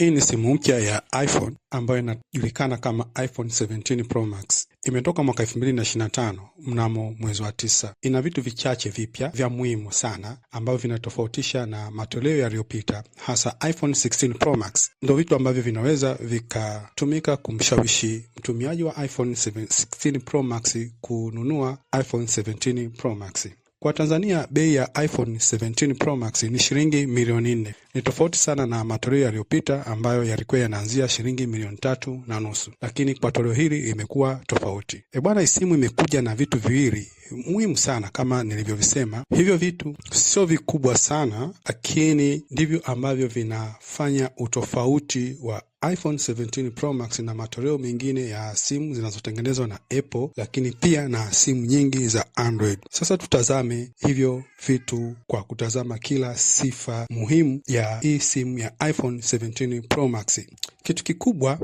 Hii ni simu mpya ya iPhone ambayo inajulikana kama iPhone 17 Pro Max. Imetoka mwaka 2025 mnamo mwezi wa tisa. Ina vitu vichache vipya vya muhimu sana ambavyo vinatofautisha na matoleo yaliyopita, hasa iPhone 16 Pro Max. Ndio vitu ambavyo vinaweza vikatumika kumshawishi mtumiaji wa iPhone 16 Pro Max kununua iPhone 17 Pro Max. Kwa Tanzania bei ya iPhone 17 Pro Max ni shilingi milioni nne. Ni tofauti sana na matoleo yaliyopita ambayo yalikuwa yanaanzia shilingi milioni tatu na nusu, lakini kwa toleo hili imekuwa tofauti. E bwana, simu imekuja na vitu viwili muhimu sana kama nilivyovisema. Hivyo vitu sio vikubwa sana, lakini ndivyo ambavyo vinafanya utofauti wa iPhone 17 Pro Max na matoleo mengine ya simu zinazotengenezwa na Apple, lakini pia na simu nyingi za Android. Sasa tutazame hivyo vitu kwa kutazama kila sifa muhimu ya hii simu ya iPhone 17 Pro Max. Kitu kikubwa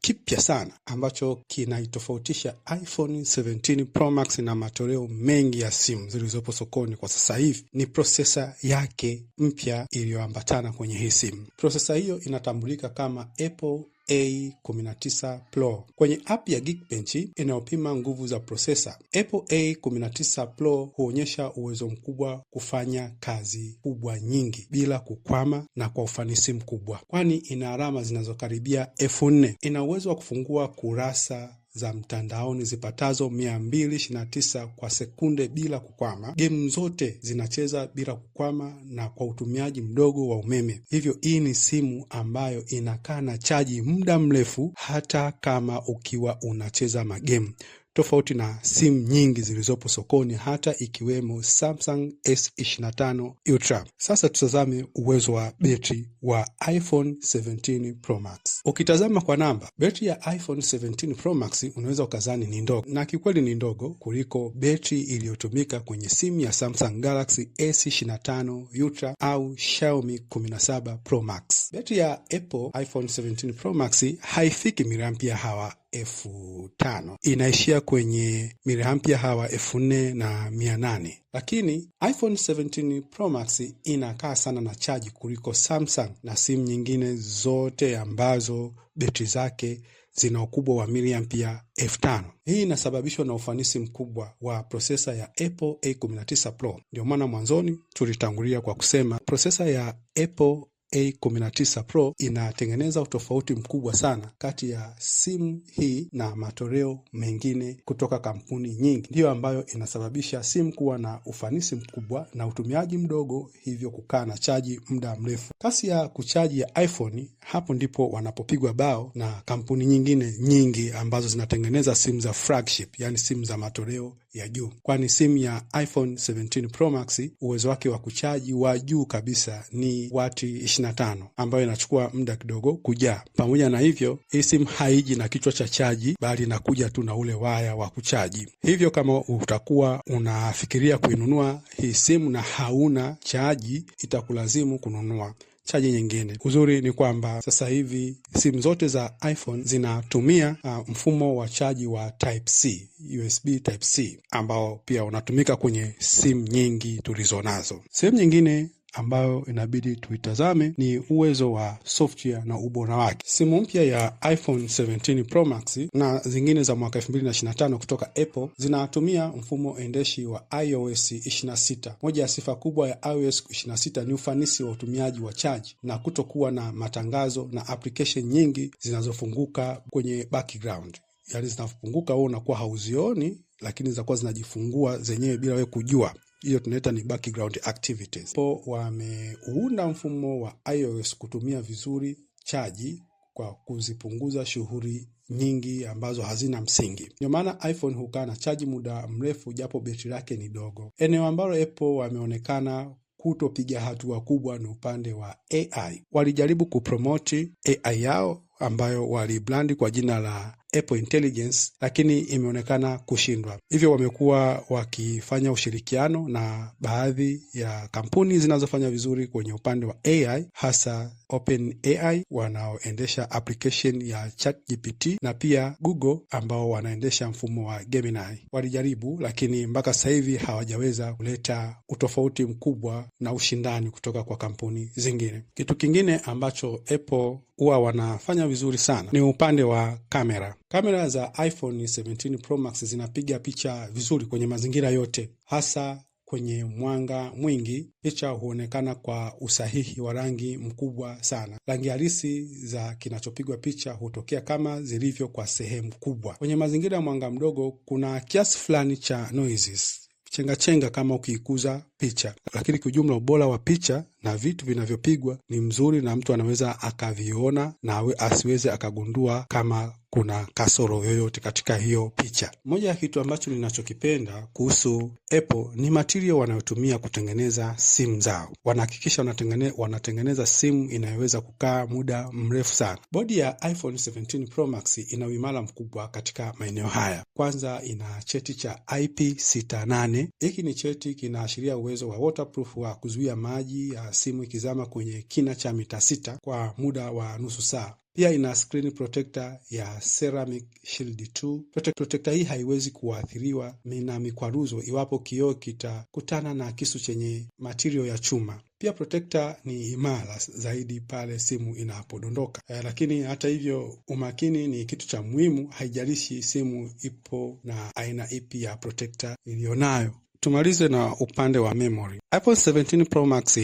kipya sana ambacho kinaitofautisha iPhone 17 Pro Max na matoleo maendeleo mengi ya simu zilizopo sokoni kwa sasa hivi ni prosesa yake mpya iliyoambatana kwenye hii simu. Prosesa hiyo inatambulika kama Apple A19 Pro. Kwenye app ya Geekbench inayopima nguvu za prosesa, Apple A19 Pro huonyesha uwezo mkubwa kufanya kazi kubwa nyingi bila kukwama na kwa ufanisi mkubwa, kwani ina alama zinazokaribia elfu nne. Ina uwezo wa kufungua kurasa za mtandaoni zipatazo 229 kwa sekunde bila kukwama. Gemu zote zinacheza bila kukwama na kwa utumiaji mdogo wa umeme. Hivyo hii ni simu ambayo inakaa na chaji muda mrefu, hata kama ukiwa unacheza magemu tofauti na simu nyingi zilizopo sokoni hata ikiwemo Samsung S25 Ultra. Sasa tutazame uwezo wa betri wa iPhone 17 Pro Max. Ukitazama kwa namba, betri ya iPhone 17 Pro Max unaweza ukazani ni ndogo, na kikweli ni ndogo kuliko betri iliyotumika kwenye simu ya Samsung Galaxy S25 Ultra au Xiaomi 17 Pro Max. Betri ya Apple iPhone 17 Pro Max haifiki miliampia hawa elfu tano inaishia kwenye miliampia hawa elfu nne na mia nane lakini iPhone 17 Pro Max inakaa sana na chaji kuliko Samsung na simu nyingine zote ambazo betri zake zina ukubwa wa miliampia elfu tano. Hii inasababishwa na ufanisi mkubwa wa prosesa ya Apple A19 Pro. Ndio maana mwanzoni tulitangulia kwa kusema prosesa ya Apple A19 Pro inatengeneza utofauti mkubwa sana kati ya simu hii na matoleo mengine kutoka kampuni nyingi, ndiyo ambayo inasababisha simu kuwa na ufanisi mkubwa na utumiaji mdogo, hivyo kukaa na chaji muda mrefu. Kasi ya kuchaji ya iPhone, hapo ndipo wanapopigwa bao na kampuni nyingine nyingi ambazo zinatengeneza simu za flagship, yani simu za matoleo ya juu, kwani simu ya iPhone 17 Pro Max uwezo wake wa kuchaji wa juu kabisa ni wati 25 ambayo inachukua muda kidogo kujaa. Pamoja na hivyo, hii simu haiji na kichwa cha chaji, bali inakuja tu na ule waya wa kuchaji. Hivyo kama utakuwa unafikiria kuinunua hii simu na hauna chaji, itakulazimu kununua chaji nyingine. Uzuri ni kwamba sasa hivi simu zote za iPhone zinatumia uh, mfumo wa chaji wa type C, USB type C ambao pia unatumika kwenye simu nyingi tulizo nazo. Sehemu nyingine ambayo inabidi tuitazame ni uwezo wa software na ubora wake. Simu mpya ya iPhone 17 Pro Max na zingine za mwaka 2025 kutoka Apple zinatumia mfumo endeshi wa iOS 26. Moja ya sifa kubwa ya iOS 26 ni ufanisi wa utumiaji wa chaji na kutokuwa na matangazo na application nyingi zinazofunguka kwenye background, yaani zinapunguka, wewe unakuwa hauzioni, lakini zinakuwa zinajifungua zenyewe bila wewe kujua hiyo tunaita ni background activities. Po wameunda mfumo wa iOS kutumia vizuri chaji kwa kuzipunguza shughuli nyingi ambazo hazina msingi. Ndio maana iPhone hukaa na chaji muda mrefu, japo betri lake ni dogo. Eneo ambalo Apple wameonekana kutopiga hatua kubwa ni upande wa AI. Walijaribu kupromoti AI yao ambayo walibrandi kwa jina la Apple Intelligence, lakini imeonekana kushindwa. Hivyo wamekuwa wakifanya ushirikiano na baadhi ya kampuni zinazofanya vizuri kwenye upande wa AI, hasa OpenAI wanaoendesha application ya ChatGPT na pia Google ambao wanaendesha mfumo wa Gemini. Walijaribu, lakini mpaka sasa hivi hawajaweza kuleta utofauti mkubwa na ushindani kutoka kwa kampuni zingine. Kitu kingine ambacho Apple huwa wanafanya vizuri sana ni upande wa kamera. Kamera za iPhone 17 Pro Max zinapiga picha vizuri kwenye mazingira yote, hasa kwenye mwanga mwingi. Picha huonekana kwa usahihi wa rangi mkubwa sana. Rangi halisi za kinachopigwa picha hutokea kama zilivyo kwa sehemu kubwa. Kwenye mazingira ya mwanga mdogo, kuna kiasi fulani cha noises, chenga chenga kama ukiikuza picha, lakini kiujumla ubora wa picha na vitu vinavyopigwa ni mzuri na mtu anaweza akaviona na asiweze akagundua kama kuna kasoro yoyote katika hiyo picha. Moja ya kitu ambacho ninachokipenda kuhusu Apple ni material wanayotumia kutengeneza simu zao. Wanahakikisha wanatengene, wanatengeneza simu inayoweza kukaa muda mrefu sana. Bodi ya iPhone 17 Pro Max ina uimara mkubwa katika maeneo haya. Kwanza ina cheti cha IP68. Hiki ni cheti kinaashiria uwezo wa waterproof wa kuzuia maji ya simu ikizama kwenye kina cha mita sita kwa muda wa nusu saa. Pia ina screen protector ya ceramic shield 2. Protector hii haiwezi kuathiriwa na mikwaruzo iwapo kioo kitakutana na kisu chenye material ya chuma. Pia protector ni imara zaidi pale simu inapodondoka. E, lakini hata hivyo umakini ni kitu cha muhimu, haijalishi simu ipo na aina ipi ya protector iliyonayo. Tumalize na upande wa memory. iPhone 17 Pro Max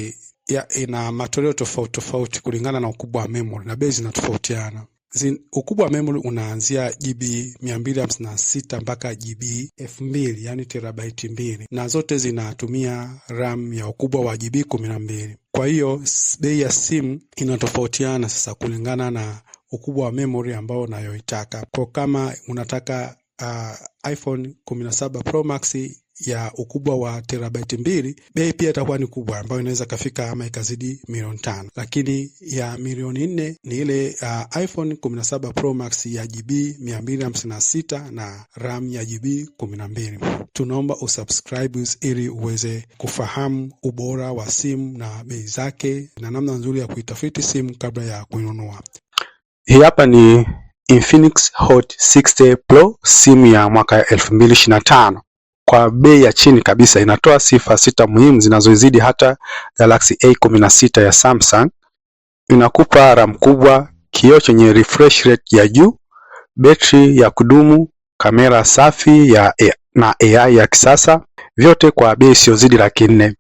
ya ina matoleo tofauti tofauti kulingana na ukubwa wa memory na bei zinatofautiana. Zin, ukubwa wa memory unaanzia GB 256 mpaka GB 2000 yani terabaiti mbili, na zote zinatumia RAM ya ukubwa wa GB 12. Kwa hiyo bei ya simu inatofautiana sasa kulingana na ukubwa wa memory ambao unayoitaka. Kwa kama unataka uh, iPhone 17 Pro Max ya ukubwa wa terabaiti mbili, bei pia itakuwa ni kubwa, ambayo inaweza ikafika ama ikazidi milioni tano. Lakini ya milioni nne ni ile uh, iPhone 17 Pro Max ya GB 256 na RAM ya GB 12. Tunaomba usubscribe ili uweze kufahamu ubora wa simu na bei zake na namna nzuri ya kuitafiti simu kabla ya kuinunua. Hii hapa ni Infinix Hot 60 Pro, simu ya mwaka 2025 kwa bei ya chini kabisa. Inatoa sifa sita muhimu zinazozidi hata Galaxy A16 ya Samsung. Inakupa RAM kubwa, kioo chenye refresh rate ya juu, betri ya kudumu, kamera safi ya na AI ya kisasa, vyote kwa bei isiyozidi laki nne.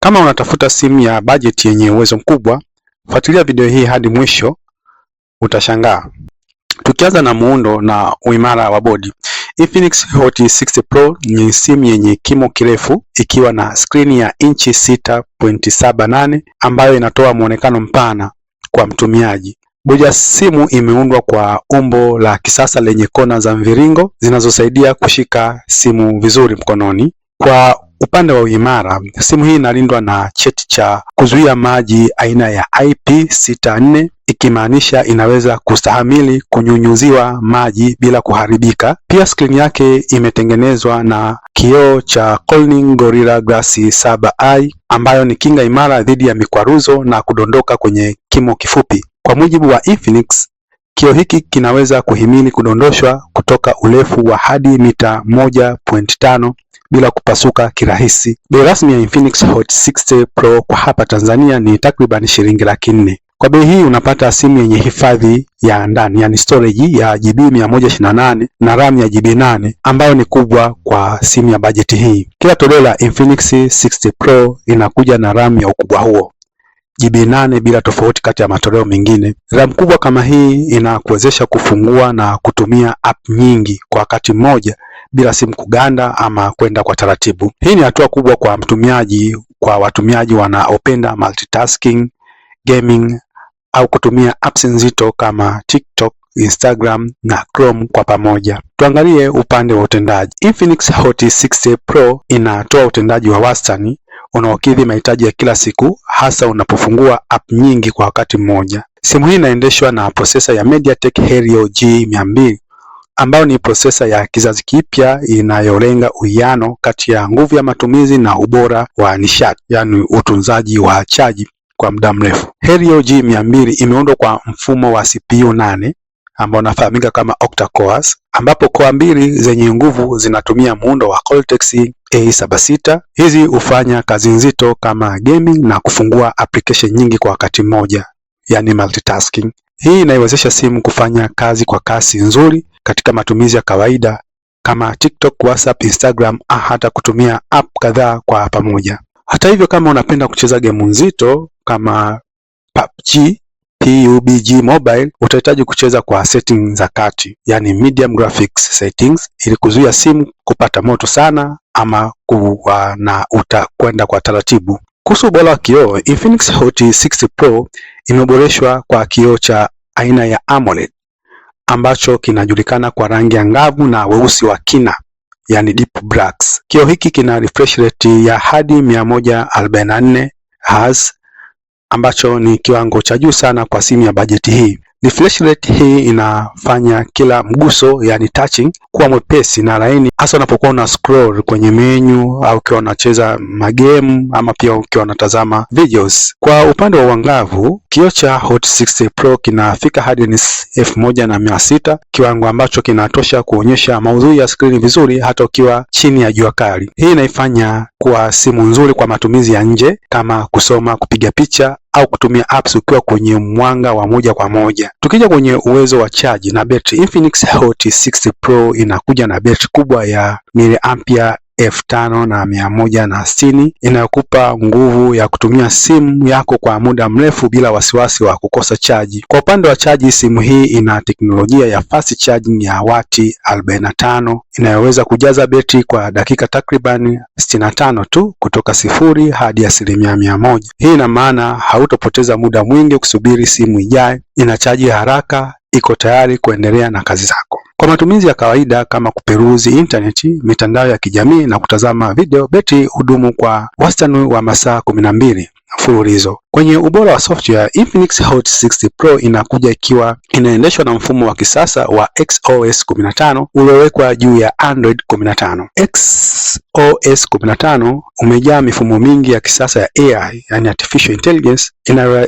Kama unatafuta simu ya bajeti yenye uwezo mkubwa, fuatilia video hii hadi mwisho, utashangaa. Tukianza na muundo na uimara wa bodi, Infinix Hot 60 Pro ni simu yenye kimo kirefu ikiwa na skrini ya inchi 6.78 ambayo inatoa mwonekano mpana kwa mtumiaji. Boja simu imeundwa kwa umbo la kisasa lenye kona za mviringo zinazosaidia kushika simu vizuri mkononi. Kwa Upande wa uimara, simu hii inalindwa na cheti cha kuzuia maji aina ya IP64 ikimaanisha inaweza kustahamili kunyunyuziwa maji bila kuharibika. Pia skrini yake imetengenezwa na kioo cha Corning Gorilla Glass 7i ambayo ni kinga imara dhidi ya mikwaruzo na kudondoka kwenye kimo kifupi. Kwa mujibu wa Infinix, kioo hiki kinaweza kuhimili kudondoshwa kutoka urefu wa hadi mita 1.5 bila kupasuka kirahisi. Bei rasmi ya Infinix Hot 60 Pro kwa hapa Tanzania ni takriban shilingi laki nne. Kwa bei hii unapata simu yenye hifadhi ya ndani yani storage ya GB 128 na RAM ya GB 8 ambayo ni kubwa kwa simu ya bajeti hii. Kila toleo la Infinix 60 Pro inakuja na RAM ya ukubwa huo GB 8 bila tofauti kati ya matoleo mengine. RAM kubwa kama hii inakuwezesha kufungua na kutumia app nyingi kwa wakati mmoja bila simu kuganda ama kwenda kwa taratibu. Hii ni hatua kubwa kwa mtumiaji, kwa watumiaji wanaopenda multitasking, gaming au kutumia apps nzito kama TikTok, Instagram na Chrome kwa pamoja. Tuangalie upande wa utendaji. Infinix Hot 60 Pro inatoa utendaji wa wastani unaokidhi mahitaji ya kila siku, hasa unapofungua app nyingi kwa wakati mmoja. Simu hii inaendeshwa na prosesa ya MediaTek Helio G200 ambayo ni prosesa ya kizazi kipya inayolenga uwiano kati ya nguvu ya matumizi na ubora wa nishati, yaani utunzaji wa chaji kwa muda mrefu. Helio G200 imeundwa kwa mfumo wa CPU nane ambao unafahamika kama octa cores, ambapo koa mbili zenye nguvu zinatumia muundo wa Cortex A76. Hizi hufanya kazi nzito kama gaming na kufungua application nyingi kwa wakati mmoja, yani multitasking. Hii inaiwezesha simu kufanya kazi kwa kasi nzuri katika matumizi ya kawaida kama TikTok, WhatsApp, Instagram au ah, hata kutumia app kadhaa kwa pamoja. Hata hivyo, kama unapenda kucheza gemu nzito kama PUBG, PUBG Mobile utahitaji kucheza kwa settings za kati, yani medium graphics settings, ili kuzuia simu kupata moto sana ama kuwa na utakwenda kwa taratibu. Kuhusu ubora wa kioo, Infinix Hot 60 Pro imeboreshwa kwa kioo cha aina ya AMOLED ambacho kinajulikana kwa rangi angavu na weusi wa kina, yani deep blacks. Kioo hiki kina refresh rate ya hadi 144 Hz ambacho ni kiwango cha juu sana kwa simu ya bajeti hii. Ni fleshlight hii inafanya kila mguso, yani touching, kuwa mwepesi na laini, hasa unapokuwa una scroll kwenye menu au ukiwa unacheza magemu ama pia ukiwa unatazama videos. Kwa upande wa uangavu, kio cha Hot 60 Pro kinafika hadi ni elfu moja na mia sita, kiwango ambacho kinatosha kuonyesha maudhui ya skrini vizuri hata ukiwa chini ya jua kali. Hii inaifanya kuwa simu nzuri kwa matumizi ya nje kama kusoma, kupiga picha au kutumia apps ukiwa kwenye mwanga wa moja kwa moja. Tukija kwenye uwezo wa chaji na betri, Infinix Hot 60 Pro inakuja na betri kubwa ya miliampia elfu tano na mia moja na sitini inayokupa nguvu ya kutumia simu yako kwa muda mrefu bila wasiwasi wa kukosa chaji. Kwa upande wa chaji, simu hii ina teknolojia ya fast charging ya wati 45 inayoweza kujaza betri kwa dakika takriban 65 tu kutoka sifuri hadi asilimia mia moja. Hii ina maana hautopoteza muda mwingi kusubiri simu ina Inachaji haraka iko tayari kuendelea na kazi zako. Kwa matumizi ya kawaida kama kuperuzi intaneti, mitandao ya kijamii na kutazama video, beti hudumu kwa wastani wa masaa kumi na mbili mfululizo. Kwenye ubora wa software, Infinix Hot 60 Pro inakuja ikiwa inaendeshwa na mfumo wa kisasa wa XOS 15 uliowekwa juu ya Android 15. XOS 15 umejaa mifumo mingi ya kisasa ya AI, yani artificial intelligence,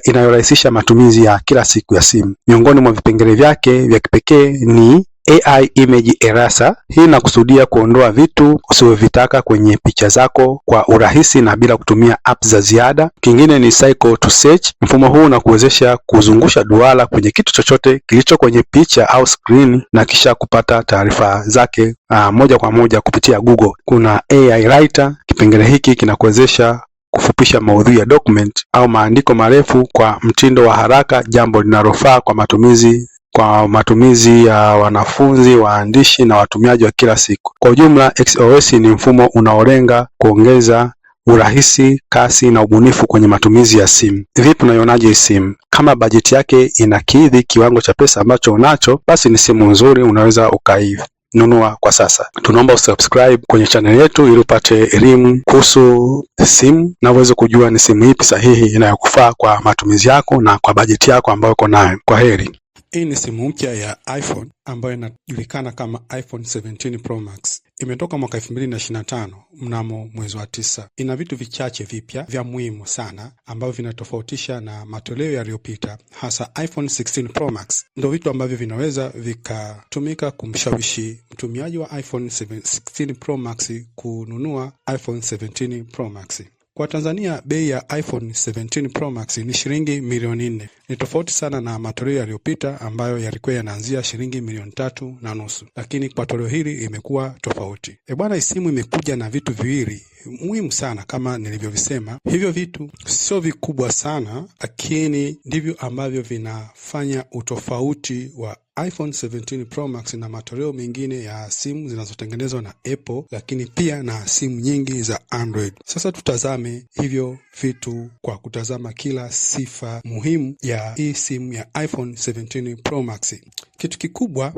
inayorahisisha matumizi ya kila siku ya simu. Miongoni mwa vipengele vyake vya kipekee ni AI Image Eraser. Hii inakusudia kuondoa vitu usivyovitaka kwenye picha zako kwa urahisi na bila kutumia app za ziada. Kingine ni Cycle to Search. Mfumo huu unakuwezesha kuzungusha duara kwenye kitu chochote kilicho kwenye picha au screen na kisha kupata taarifa zake aa, ah, moja kwa moja kupitia Google. Kuna AI Writer. Kipengele hiki kinakuwezesha kufupisha maudhui ya document au maandiko marefu kwa mtindo wa haraka, jambo linalofaa kwa matumizi kwa matumizi ya wanafunzi, waandishi na watumiaji wa kila siku. Kwa ujumla, XOS ni mfumo unaolenga kuongeza urahisi, kasi na ubunifu kwenye matumizi ya simu. Vipi, unaionaje simu? Kama bajeti yake inakidhi kiwango cha pesa ambacho unacho, basi ni simu nzuri, unaweza ukainunua kwa sasa. Tunaomba usubscribe kwenye chaneli yetu ili upate elimu kuhusu simu na uweze kujua ni simu ipi sahihi inayokufaa kwa matumizi yako na kwa bajeti yako ambayo uko nayo. Kwa heri. Hii ni simu mpya ya iPhone ambayo inajulikana kama iPhone 17 Pro Max. Imetoka mwaka 2025 mnamo mwezi wa tisa. Ina vitu vichache vipya vya muhimu sana ambavyo vinatofautisha na matoleo yaliyopita, hasa iPhone 16 Pro Max. Ndio vitu ambavyo vinaweza vikatumika kumshawishi mtumiaji wa iPhone 16 Pro Max kununua iPhone 17 Pro Max. Kwa Tanzania bei ya iPhone 17 Pro Max ni shilingi milioni nne. Ni tofauti sana na matoleo yaliyopita ambayo yalikuwa yanaanzia shilingi milioni tatu na nusu, lakini kwa toleo hili imekuwa tofauti. E bwana, isimu imekuja na vitu viwili muhimu sana kama nilivyovisema. Hivyo vitu sio vikubwa sana, lakini ndivyo ambavyo vinafanya utofauti wa iPhone 17 Pro Max na matoleo mengine ya simu zinazotengenezwa na Apple, lakini pia na simu nyingi za Android. Sasa tutazame hivyo vitu kwa kutazama kila sifa muhimu ya hii simu ya iPhone 17 Pro Max. Kitu kikubwa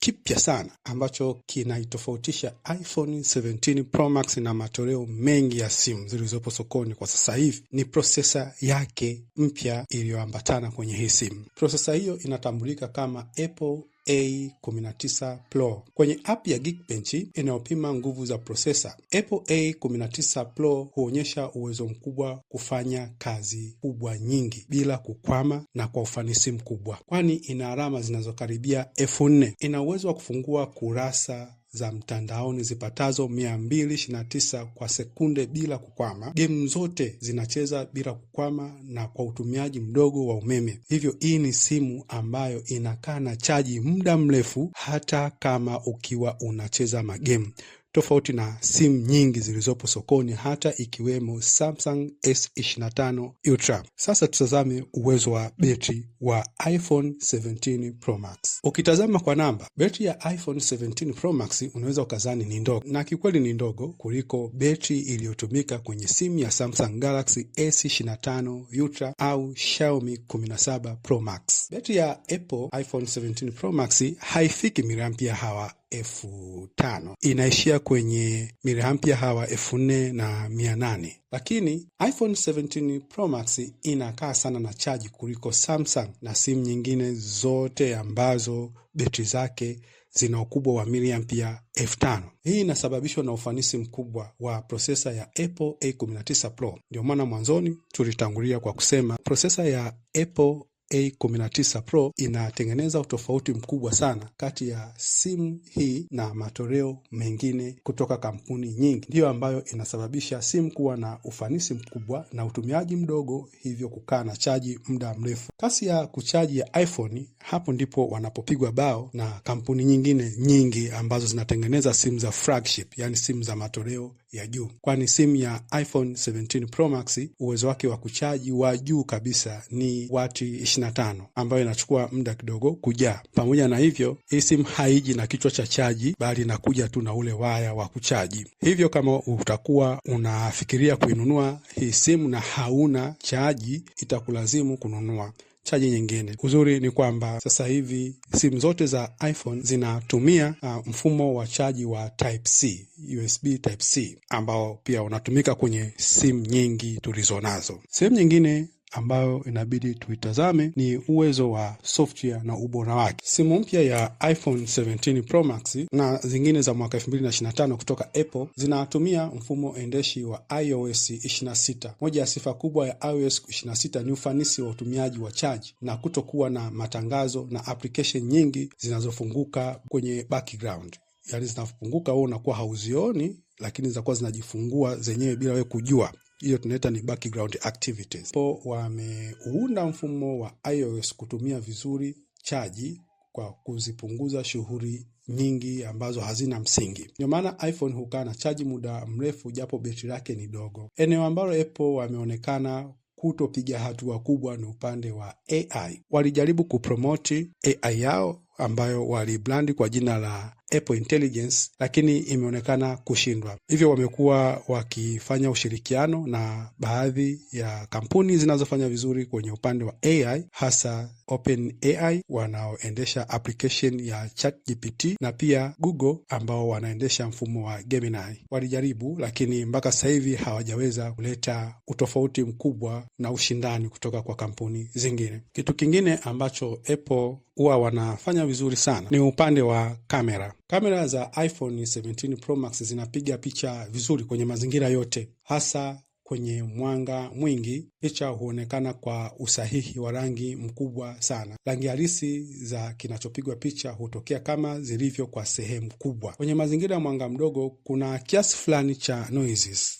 kipya sana ambacho kinaitofautisha iPhone 17 Pro Max na matoleo mengi ya simu zilizopo sokoni kwa sasa hivi ni prosesa yake mpya iliyoambatana kwenye hii simu. Prosesa hiyo inatambulika kama Apple A19 Pro. Kwenye app ya Geekbench inayopima nguvu za prosesa, Apple A19 Pro huonyesha uwezo mkubwa kufanya kazi kubwa nyingi bila kukwama na kwa ufanisi mkubwa, kwani ina alama zinazokaribia elfu nne. Ina uwezo wa kufungua kurasa za mtandaoni zipatazo 229 kwa sekunde bila kukwama. Gemu zote zinacheza bila kukwama na kwa utumiaji mdogo wa umeme. Hivyo hii ni simu ambayo inakaa na chaji muda mrefu, hata kama ukiwa unacheza magemu tofauti na simu nyingi zilizopo sokoni hata ikiwemo Samsung S25 Ultra. Sasa tutazame uwezo wa betri wa iPhone 17 Pro Max. Ukitazama kwa namba, betri ya iPhone 17 Pro Max unaweza ukazani ni ndogo, na kikweli ni ndogo kuliko betri iliyotumika kwenye simu ya Samsung Galaxy S25 Ultra au Xiaomi 17 Pro Max. Betri ya Apple iPhone 17 Pro Max haifiki miliampia hawa elfu tano inaishia kwenye miliampia hawa elfu nne na mia nane lakini iPhone 17 Pro Max inakaa sana na chaji kuliko Samsung na simu nyingine zote ambazo betri zake zina ukubwa wa miliampia elfu tano. Hii inasababishwa na ufanisi mkubwa wa prosesa ya Apple A19 Pro. Ndio maana mwanzoni tulitangulia kwa kusema prosesa ya Apple A19 Pro inatengeneza utofauti mkubwa sana kati ya simu hii na matoleo mengine kutoka kampuni nyingi, ndiyo ambayo inasababisha simu kuwa na ufanisi mkubwa na utumiaji mdogo, hivyo kukaa na chaji muda mrefu. Kasi ya kuchaji ya iPhone, hapo ndipo wanapopigwa bao na kampuni nyingine nyingi ambazo zinatengeneza simu za flagship, yani simu za matoleo ya juu, kwani simu ya iPhone 17 Pro Max uwezo wake wa kuchaji wa juu kabisa ni wati 25 ambayo inachukua muda kidogo kujaa. Pamoja na hivyo, hii simu haiji na kichwa cha chaji, bali inakuja tu na ule waya wa kuchaji. Hivyo kama utakuwa unafikiria kuinunua hii simu na hauna chaji, itakulazimu kununua chaji nyingine. Uzuri ni kwamba sasa hivi simu zote za iPhone zinatumia uh, mfumo wa chaji wa type C, USB type C ambao pia unatumika kwenye simu nyingi tulizo nazo Sehemu nyingine ambayo inabidi tuitazame ni uwezo wa software na ubora wake. Simu mpya ya iPhone 17 Pro Max na zingine za mwaka 2025 kutoka Apple zinatumia mfumo endeshi wa iOS 26. Moja ya sifa kubwa ya iOS 26 ni ufanisi wa utumiaji wa chaji na kutokuwa na matangazo na application nyingi zinazofunguka kwenye background, yaani zinapunguka, wewe unakuwa hauzioni lakini zinakuwa zinajifungua zenyewe bila wewe kujua hiyo tunaita ni background activities. Po wameunda mfumo wa iOS kutumia vizuri chaji kwa kuzipunguza shughuli nyingi ambazo hazina msingi. Ndio maana iPhone hukaa na chaji muda mrefu, japo betri lake ni dogo. Eneo ambalo Apple wameonekana kutopiga hatua kubwa ni upande wa AI. Walijaribu kupromoti AI yao ambayo walibrandi kwa jina la Apple Intelligence, lakini imeonekana kushindwa. Hivyo wamekuwa wakifanya ushirikiano na baadhi ya kampuni zinazofanya vizuri kwenye upande wa AI, hasa OpenAI wanaoendesha application ya ChatGPT na pia Google ambao wanaendesha mfumo wa Gemini. Walijaribu, lakini mpaka sasa hivi hawajaweza kuleta utofauti mkubwa na ushindani kutoka kwa kampuni zingine. Kitu kingine ambacho Apple huwa wanafanya vizuri sana ni upande wa kamera. Kamera za iPhone 17 Pro Max zinapiga picha vizuri kwenye mazingira yote, hasa kwenye mwanga mwingi. Picha huonekana kwa usahihi wa rangi mkubwa sana. Rangi halisi za kinachopigwa picha hutokea kama zilivyo kwa sehemu kubwa. Kwenye mazingira ya mwanga mdogo, kuna kiasi fulani cha noises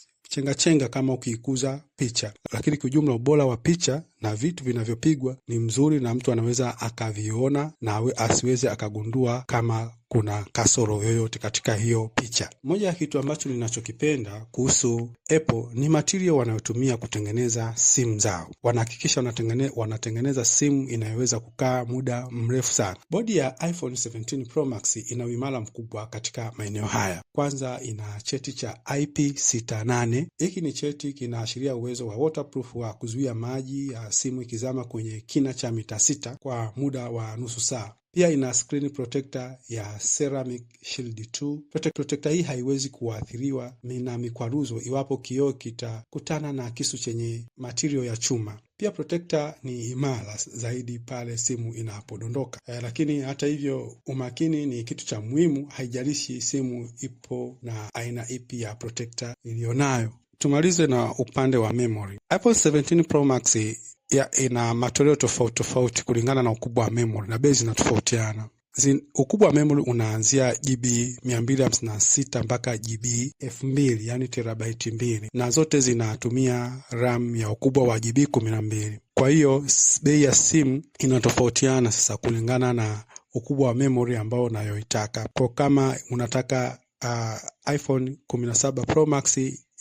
kama ukiikuza picha, lakini kiujumla ubora wa picha na vitu vinavyopigwa ni mzuri, na mtu anaweza akaviona na asiweze akagundua kama kuna kasoro yoyote katika hiyo picha. Moja ya kitu ambacho ninachokipenda kuhusu Apple ni material wanayotumia kutengeneza simu zao. Wanahakikisha wanatengeneza simu inayoweza kukaa muda mrefu sana. Bodi ya iPhone 17 Pro Max ina uimara mkubwa katika maeneo haya. Kwanza, ina cheti cha IP68. Hiki ni cheti kinaashiria uwezo wa waterproof wa kuzuia maji ya simu ikizama kwenye kina cha mita sita kwa muda wa nusu saa. Pia ina screen protector ya ceramic shield 2. Protector hii haiwezi kuathiriwa na mikwaruzo iwapo kioo kitakutana na kisu chenye matirio ya chuma. Pia protector ni imara zaidi pale simu inapodondoka. E, lakini hata hivyo umakini ni kitu cha muhimu, haijalishi simu ipo na aina ipi ya protector iliyonayo. Tumalize na upande wa memory. iPhone 17 Pro Max ya ina matoleo tofauti tofauti kulingana na ukubwa wa memory na bei zinatofautiana. Zin, ukubwa wa memory unaanzia GB 256 mpaka GB 2000 yani terabyte mbili, na zote zinatumia RAM ya ukubwa wa GB 12. Kwa hiyo bei ya simu inatofautiana sasa kulingana na ukubwa wa memory ambao unayoitaka. Kwa kama unataka uh, iPhone 17 Pro Max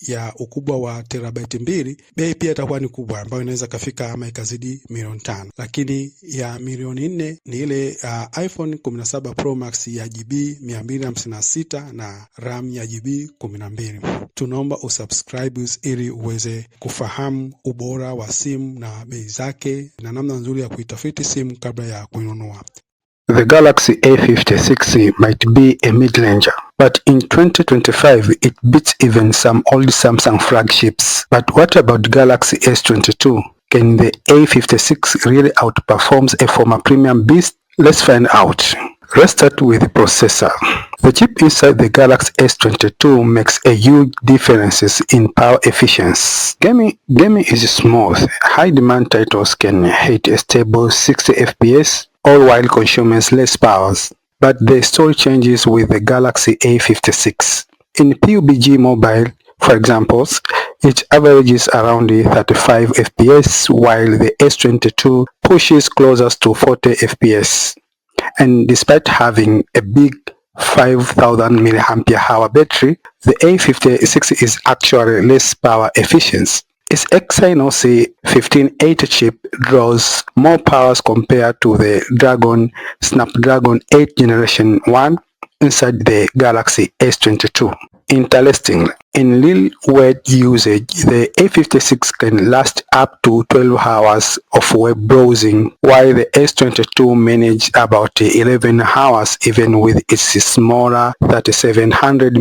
ya ukubwa wa terabaiti mbili, bei pia itakuwa ni kubwa ambayo inaweza kafika ama ikazidi milioni tano, lakini ya milioni nne ni ile uh, iPhone 17 Pro Max ya GB 256 na RAM ya GB 12. Tunaomba usubscribe ili uweze kufahamu ubora wa simu na bei zake na namna nzuri ya kuitafiti simu kabla ya kuinunua. The Galaxy A56 might be a mid-ranger. But in 2025, it beats even some old Samsung flagships. But what about Galaxy S22? Can the A56 really outperforms a former premium beast? Let's find out. Let's start with the processor. The chip inside the Galaxy S22 makes a huge difference in power efficiency. Gaming, gaming is smooth. High demand titles can hit a stable 60 FPS all while consuming less power. but the story changes with the Galaxy A56. In PUBG Mobile, for example, it averages around 35 FPS while the S22 pushes closer to 40 FPS. And despite having a big 5000 mAh battery, the A56 is actually less power efficient. Its Exynos 1580 chip draws more powers compared to the Dragon Snapdragon 8 Generation 1 inside the Galaxy S22. Interestingly, in real world usage, the A56 can last up to 12 hours of web browsing, while the S22 manages about 11 hours even with its smaller 3700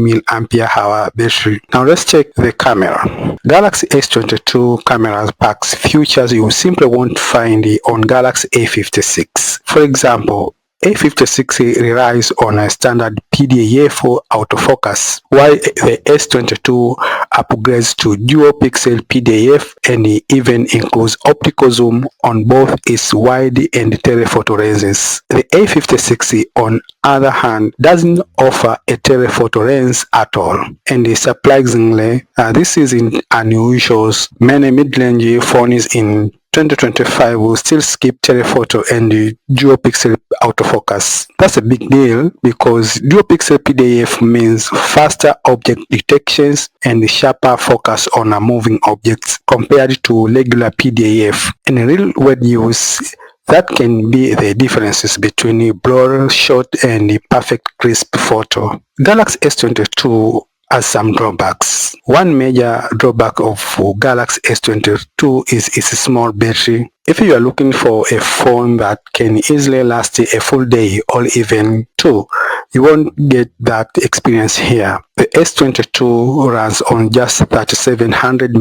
hour battery. Now let's check the camera. Galaxy S22 camera packs features you simply won't find on Galaxy A56. For example, A56 relies on a standard PDAF autofocus, while the S22 upgrades to dual pixel PDAF and even includes optical zoom on both its wide and telephoto lenses. The A56 on other hand doesn't offer a telephoto lens at all, and surprisingly, uh, this is unusual. Many mid-range phones in 2025 will still skip telephoto and dual-pixel autofocus. That's a big deal because dual-pixel PDF means faster object detections and sharper focus on a moving object compared to regular PDF. In real-world use, that can be the differences between a blur shot and a perfect crisp photo. Galaxy S22 as some drawbacks. One major drawback of Galaxy S22 is its small battery. If you are looking for a phone that can easily last a full day or even s you won't get that experience here. The S22 runs on just 3700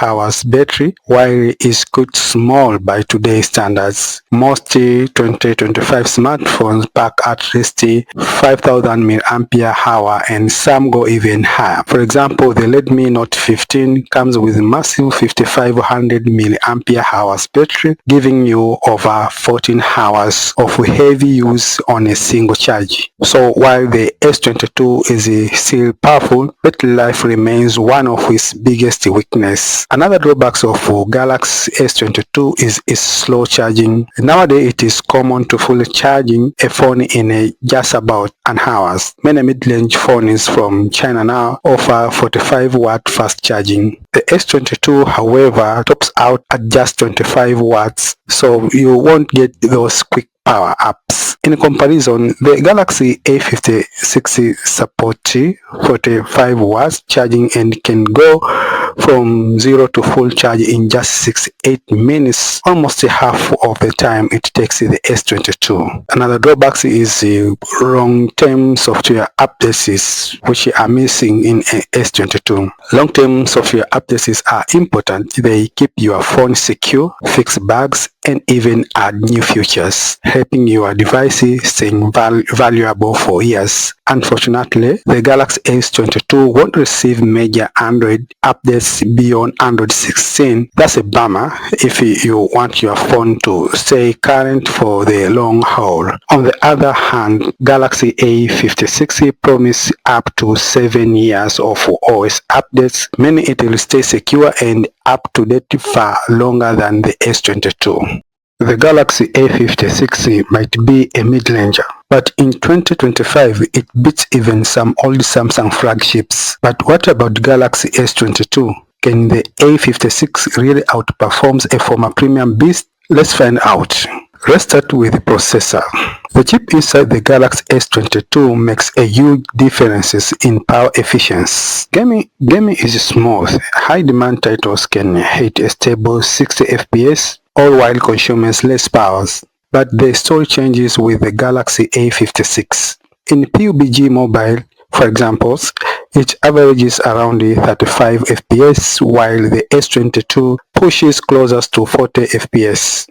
hours battery while is quite small by today's standards. Most 2025 smartphones pack at least 5000 hour and some go even higher. For example, the Redmi Note 15 comes with massive 5500 hours battery giving you over 14 hours of heavy use on a single single charge. So while the S22 is still powerful, battery life remains one of its biggest weakness. Another drawbacks of Galaxy S22 is its slow charging. Nowadays, it is common to fully charging a phone in a just about an hour. Many mid-range phones from China now offer 45 watt fast charging. The S22, however, tops out at just 25 watts, so you won't get those quick power ups. In comparison, the Galaxy A56 supports 45 watts charging and can go from zero to full charge in just 68 minutes, almost half of the time it takes the S22. Another drawback is the long-term software updates which are missing in S22. Long-term software updates are important. They keep your phone secure, fix bugs, and even add new features, helping your devices stay val valuable for years. Unfortunately, the Galaxy S22 won't receive major Android updates beyond Android 16. That's a bummer if you want your phone to stay current for the long haul. On the other hand, Galaxy A56 promises up to 7 years of OS updates, meaning it will stay secure and up to date far longer than the S22. The Galaxy A56 might be a mid-ranger, but in 2025 it beats even some old Samsung flagships. But what about Galaxy S22? Can the A56 really outperforms a former premium beast? Let's find out. Let's start with the processor. The chip inside the Galaxy S22 makes a huge difference in power efficiency. Gaming, gaming is smooth. High-demand titles can hit a stable 60 FPS all while consuming less powers But the story changes with the Galaxy A56. In PUBG Mobile, for example, it averages around 35 FPS while the S22 pushes closest to 40 FPS.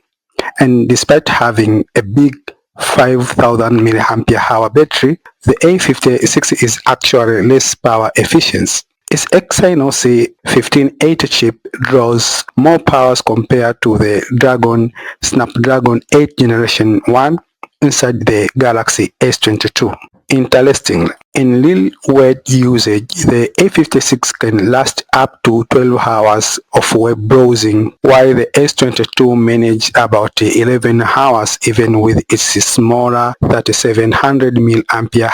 And despite having a big 5000 mAh battery, the A56 is actually less power efficient. Its Exynos 1580 chip draws more powers compared to the Dragon Snapdragon 8 Generation 1 inside the Galaxy S22. Interesting. In real world usage, the A56 can last up to 12 hours of web browsing, while the S22 manages about 11 hours even with its smaller 3700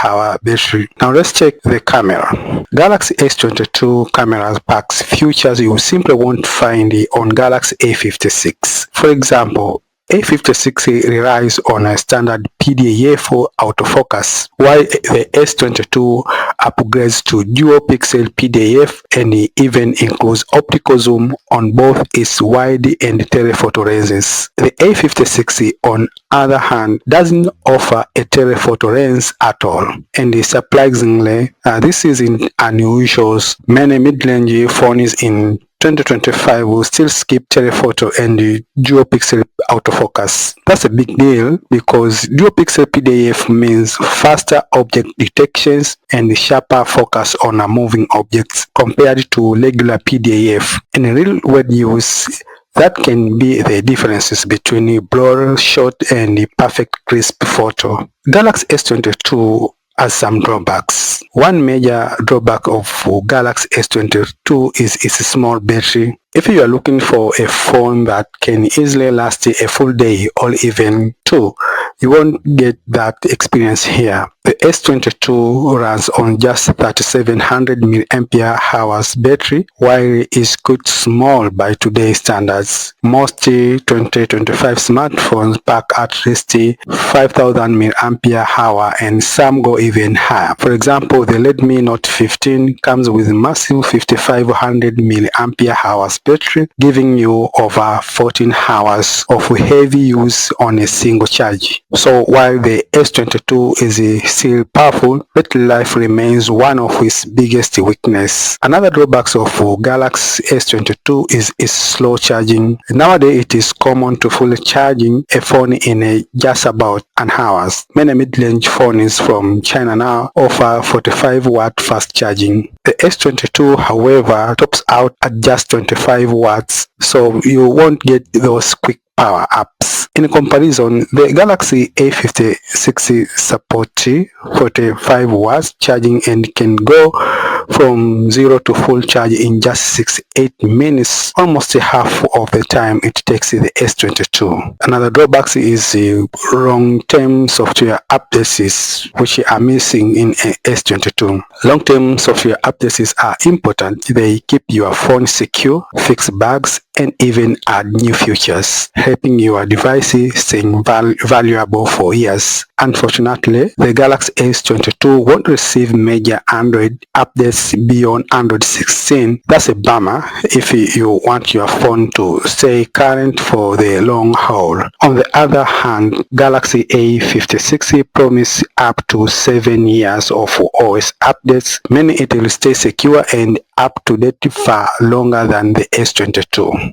hour battery. Now let's check the camera. Galaxy S22 camera packs features you simply won't find on Galaxy A56. For example, A56 relies on a standard PDAF autofocus, while the S22 upgrades to dual-pixel PDAF and even includes optical zoom on both its wide and telephoto lenses. The A56, on other hand, doesn't offer a telephoto lens at all, and surprisingly, uh, this is unusual. Many mid-range phones in 2025 will still skip telephoto and dual-pixel autofocus. That's a big deal because dual-pixel PDF means faster object detections and sharper focus on a moving objects compared to regular PDF. In real-world use, that can be the differences between a blur shot and a perfect crisp photo. Galaxy S22 has some drawbacks. One major drawback of Galaxy S22 is its small battery. If you are looking for a phone that can easily last a full day or even two, you won't get that experience here. The S22 runs on just 3700 mAh battery while is quite small by today's standards. Most 2025 smartphones pack at least 5000 mAh and some go even higher. For example, the Redmi Note 15 comes with massive 5500 mAh battery giving you over 14 hours of heavy use on a single charge. So while the S22 is still powerful, battery life remains one of its biggest weakness. Another drawbacks of Galaxy S22 is its slow charging. Nowadays, it is common to fully charging a phone in a just about an hour. Many mid-range phones from China now offer 45 watt fast charging. The S22, however, tops out at just 25 watts, so you won't get those quick power up. In comparison, the Galaxy A56 supports 45 watts charging and can go from zero to full charge in just 68 minutes almost half of the time it takes the S22 another drawback is the long term software updates which are missing in S22 long term software updates are important they keep your phone secure fix bugs and even add new features helping your device staying val valuable for years Unfortunately, the Galaxy S22 won't receive major Android updates beyond Android 16. That's a bummer if you want your phone to stay current for the long haul. On the other hand, Galaxy A56 promise up to 7 years of OS updates, meaning it will stay secure and up to date far longer than the S22.